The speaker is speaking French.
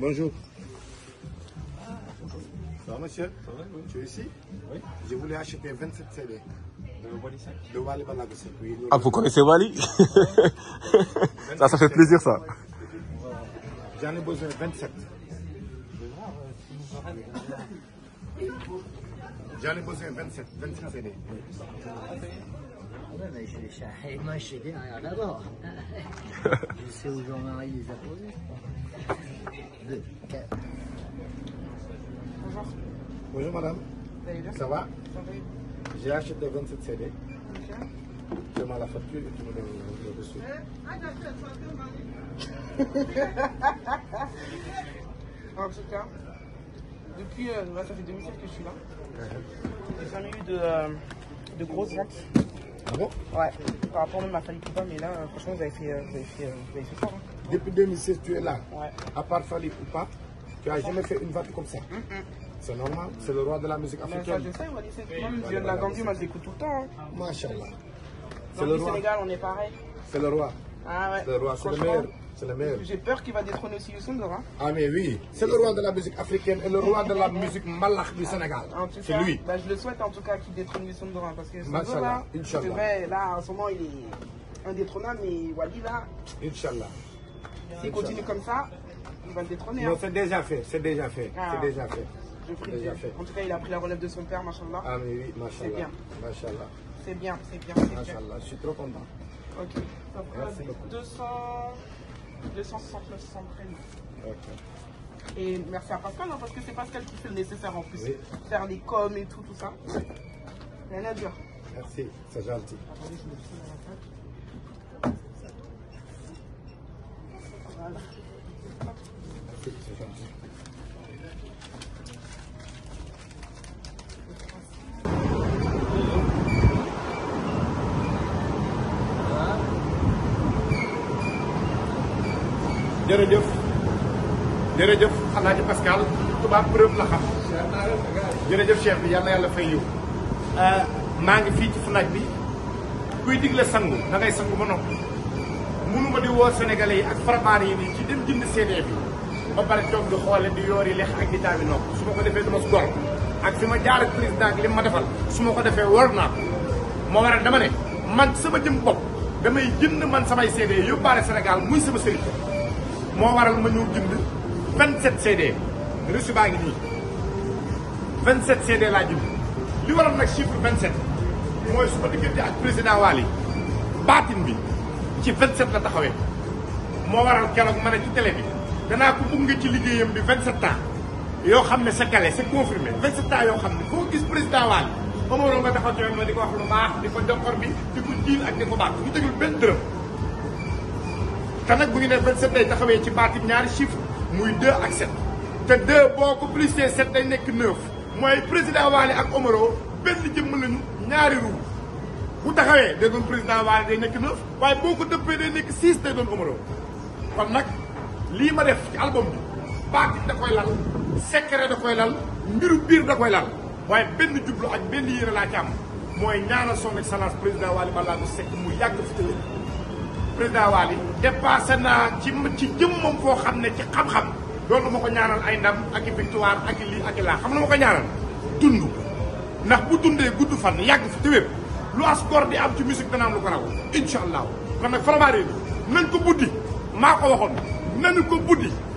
Bonjour. Ça va, monsieur Tu es ici Oui. Je voulais acheter 27 CD. De Wally 5 De Wally Ah, vous connaissez Wally Ça, ça fait plaisir, ça. J'en ai besoin 27. J'en ai besoin 27, 27 CD mais je d'abord. je sais où Jean-Marie les a Bonjour. Bonjour, madame. Ça va J'ai acheté 27 CD. Je la facture et tu me le dessus. Ah, en tout cas, depuis, euh, ça fait 2007 que je suis là. Uh-huh. J'en ai eu de, euh, de grosses ventes. Ah bon Ouais. Par rapport même à Fali Poupa, mais là, euh, franchement, vous avez fait, euh, vous avez fait, euh, vous avez fait fort. Hein. Depuis 2006 tu es là. Ouais. À part Fali Poupa, tu n'as jamais fait une vente comme ça. C'est normal, c'est le roi de la musique africaine. je moi, je l'ai viens de la Gambie, moi, je l'écoute tout le temps. Hein. Machallah. C'est le roi. Sénégal, on est pareil. C'est le roi. Ah ouais. le roi, c'est le meilleur. J'ai peur qu'il va détrôner aussi Youssou hein. Ah mais oui, c'est le roi de la musique africaine et le roi de la musique malach du Sénégal. C'est lui. Bah, je le souhaite en tout cas qu'il détrône Youssou hein, parce que Youssou c'est vrai, là en ce moment il est indétrônable mais Wali là, Inch'Allah. S'il continue comme ça, il va le détrôner. Non, hein. c'est déjà fait, c'est déjà fait, ah. c'est déjà fait. En tout cas, il a pris la relève de son père, machallah. Ah mais oui, machallah. C'est bien. Machallah. C'est bien, c'est bien, c'est Machallah, je suis trop content. Ok, ça prend 200... 269 Ok. Et merci à Pascal, hein, parce que c'est Pascal qui fait le nécessaire en plus. Faire les coms et tout, tout ça. Rien à dire. Merci, c'est gentil. Voilà. Merci, c'est gentil. jërëjëf jërëjëf Alaaji Pascal tubaab bërëb la xam jërëjëf chef, bi yal na yàlla fay yow euh, maa ngi fii ci FNAC bi kuy digle sangu da ngay sangu ba noppi munu ma di woo sénégalais yi ak faramaare yi nii ci dem jënd CD bi ba pare toog di xoole di yoori lex ak di taabi nopp su ma ko defee dama gor ak fi ma jaar ak président ak li ma defal su ma ko defee war naa ko moo waral dama ne man sama jëm bopp damay jënd man samay CD yóbbaale Sénégal muy sama sëriñ moo waral ma ñëw bind 27 CD reçu baa ngi nii 27 CD laa jënd li waral nag chiffre 27 mooy su ma diggante ak président Waly baatin bi ci set la taxawee moo waral keroog ma ne ci télé bi danaa ko bëgg nga ci liggéeyam bi 27 ans yoo xam ne sa c'est calé c'est confirmé 27 ans yoo xam ne foo gis président Waly ba ma waroon nga taxaw ci ma di ko wax lu baax di ko joxor bi di ko jiin ak di ko baax ñu déglu benn dërëm. te nag bu ñu nee 27 day taxawee ci baatib ñaari chiffre muy 2 ak 7 te 2 boo ko plus 7 day nekk 9 mooy président Wally ak omolo benn jëmm lañu ñaari ruu bu taxawee day doon président Wally day nekk 9 waaye boo ko dëppee day nekk 6 day doon Omaro kon nag lii ma def ci album bi baatib da koy lal secret da koy lal mbiru biir da koy lal waaye benn jublu ak benn yéene laa ci am mooy ñaanal son excellence président Wally Ballago Seck mu yàgg fi président Wally dépassé naa ci ci jëmmam foo xam ne ci xam-xam loolu ma ko ñaanal ay ndam ak i victoire ak i lii ak i laa xam na ma ko ñaanal dund ndax bu dundee gudd fan yàgg fi te wépp lu as góor di am ci musique dana am lu ko raw incha allah kon nag Faramareen nañ ko buddi maa ko waxoon nañu ko buddi